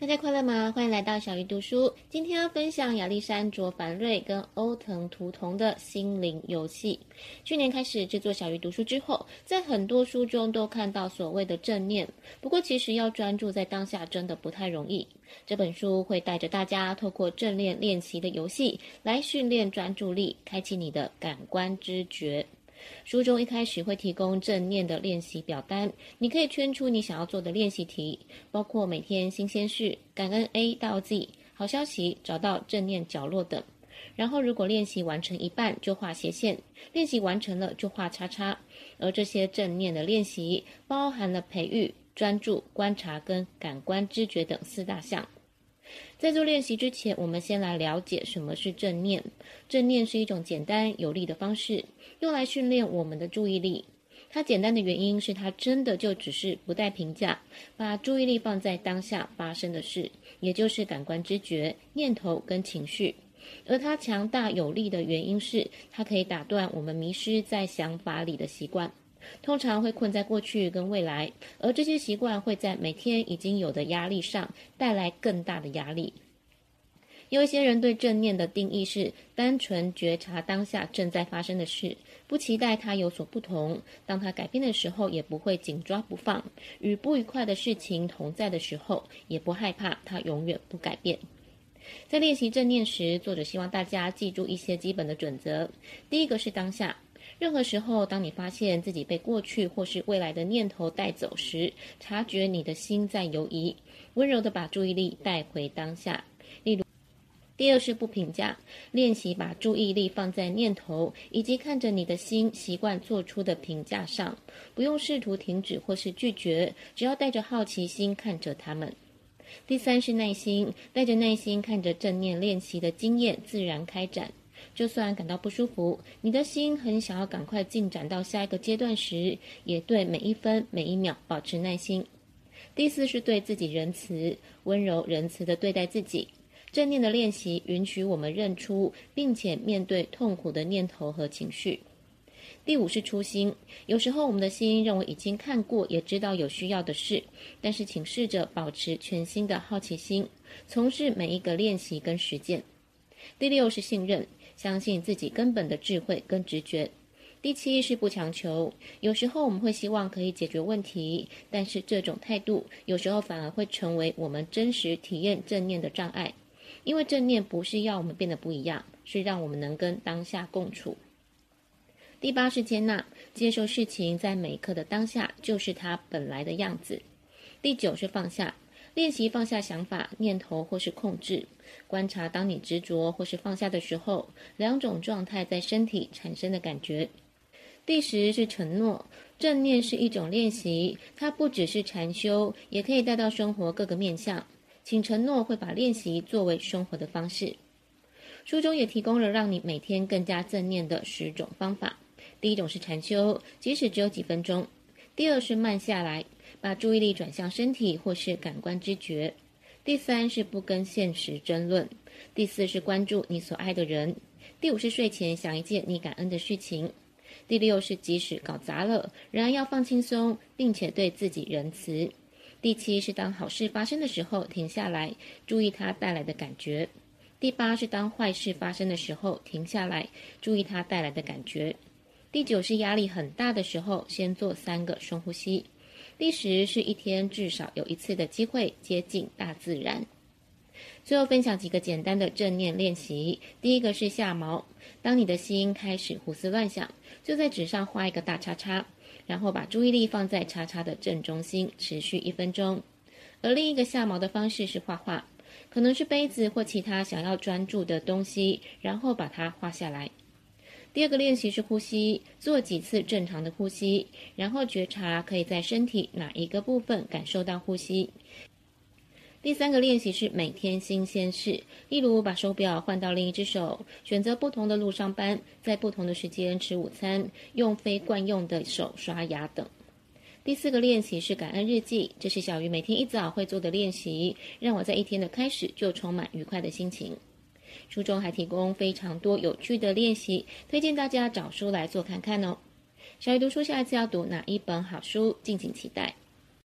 大家快樂嗎？歡迎來到小魚讀書。今天要分享亞歷山卓·凡瑞跟歐騰圖同的心靈遊戲。去年開始製作小魚讀書之後，在很多書中都看到所謂的正念。不過，其實要專注在當下真的不太容易。這本書會帶着大家透過正念練，練習的遊戲來訓練專注力，開啟你的感官知覺。書中一開始會提供正念的練習表單，你可以圈出你想要做的練習題，包括每天新鮮事、感恩 A 到 Z、好消息、找到正念角落等。然後如果練習完成一半就畫斜線，練習完成了就畫叉叉。而這些正念的練習包含了培育、專注、觀察跟感官知覺等四大項。在做練習之前，我們先來了解什麼是正念。正念是一種簡單有力的方式，用來訓練我們的注意力。它簡單的原因是它真的就只是不帶評價，把注意力放在當下發生的事，也就是感官知覺、念頭跟情緒。而它強大有力的原因是，它可以打斷我們迷失在想法裡的習慣。通常會困在過去跟未來，而這些習慣會在每天已經有的壓力上帶來更大的壓力。有一些人對正念的定義是單純覺察當下正在發生的事，不期待它有所不同，當它改變的時候也不會緊抓不放，與不愉快的事情同在的時候也不害怕它永遠不改變。在練習正念時，作者希望大家記住一些基本的準則，第一個是當下。任何時候，當你發現自己被過去或是未來的念頭帶走時，察覺你的心在游移，溫柔地把注意力帶回當下。例如，第二是不評價，練習把注意力放在念頭以及看着你的心習慣做出的評價上，不用試圖停止或是拒絕，只要帶着好奇心看着他們。第三是耐心，帶着耐心看着正念練習的經驗自然開展。就算感到不舒服，你的心很想要趕快進展到下一個階段時，也對每一分每一秒保持耐心。第四是對自己仁慈、溫柔、仁慈的對待自己。正念的練習允許我們認出並且面對痛苦的念頭和情緒。第五是初心，有時候我們的心認為已經看過，也知道有需要的事，但是請試着保持全新的好奇心，從事每一個練習跟實踐。第六是信任。相信自己根本的智慧跟直覺。第七是不強求，有時候我們會希望可以解決問題，但是這種態度有時候反而會成為我們真實體驗正念的障礙，因為正念不是要我們變得不一樣，是讓我們能跟當下共處。第八是接納，接受事情在每一刻的當下就是它本來的樣子。第九是放下。練習放下想法、念頭或是控制，觀察當你執着或是放下的時候，兩種狀態在身體產生的感覺。第十是承諾，正念是一種練習，它不只是禪修，也可以帶到生活各個面向。請承諾會把練習作為生活的方式。書中也提供了讓你每天更加正念的十種方法。第一種是禪修，即使只有幾分鐘。第二是慢下來。把注意力轉向身體或是感官知覺。第三是不跟現實爭論。第四是關注你所愛的人。第五是睡前想一件你感恩的事情。第六是即使搞砸了，仍然要放輕鬆，並且對自己仁慈。第七是當好事發生的時候停下來，注意它帶來的感覺。第八是當壞事發生的時候停下來，注意它帶來的感覺。第九是壓力很大的時候，先做三個深呼吸。第十是一天至少有一次的機會接近大自然。最後分享幾個簡單的正念練習。第一個是下錨，當你的心開始胡思亂想，就在紙上畫一個大叉叉，然後把注意力放在叉叉的正中心，持續一分鐘。而另一個下錨的方式是畫畫，可能是杯子或其他想要專注的東西，然後把它畫下來。第二個練習是呼吸，做幾次正常的呼吸，然後覺察可以在身體哪一個部分感受到呼吸。第三個練習是每天新鮮事，例如把手錶換到另一隻手，選擇不同的路上班，在不同的時間吃午餐，用非慣用的手刷牙等。第四個練習是感恩日記，這是小魚每天一早會做的練習，讓我在一天的開始就充滿愉快的心情。書中還提供非常多有趣的練習，推薦大家找書來做看看哦。小魚讀書下一次要讀哪一本好書，敬請期待。